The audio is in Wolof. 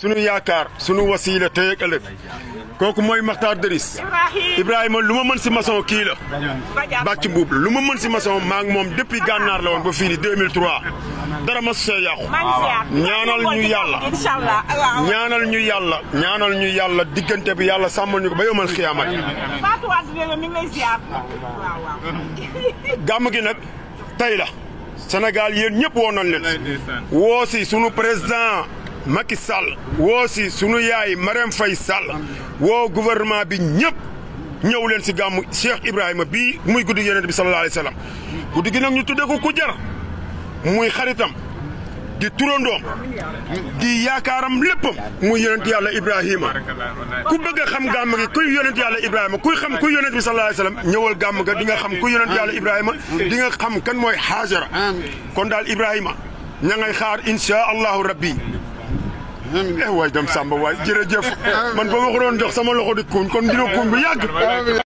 sunu yaakaar sunu wasiila tey ak kooku mooy Makhtar Deris Ibrahima lu ma mën si maçon kii la bàcc mbuub la lu ma mën si maçon maa ngi moom depuis gànnaar la woon ba fii ni 2003 dara ma see ñaanal ñu yàlla ñaanal ñu yàlla ñaanal ñu yàlla diggante bi yàlla sàmmal ñu ko ba yomal xiyaamat gàmm gi nag tey la Sénégal yéen ñëpp woo leen woo sunu président Macky Sall woo si sunu yaay Marème fay Sall woo gouvernement bi ñëpp ñëw leen si gàmmu Cheikh Ibrahima bii muy guddi yonent bi sallallahu alayhi wa sallam guddi gi nag ñu tuddee ko ku jar muy xaritam di turandoom di yaakaaram léppam muy yonent yàlla Ibrahima ku bëgg a xam gàmm gi kuy yonent yàlla Ibrahima kuy xam kuy yonent bi sallallahu alayhi wa sallam ñëwal gàmm ga di nga xam kuy yonent yàlla Ibrahima di nga xam kan mooy Haajara kon daal Ibrahima ña ngay xaar incha allahu rabbi Eh, waay dem Samba waay jërëjëf man ba ma ko doon jox sama loxo di kuuñ kon dina kuuñ bu yàgg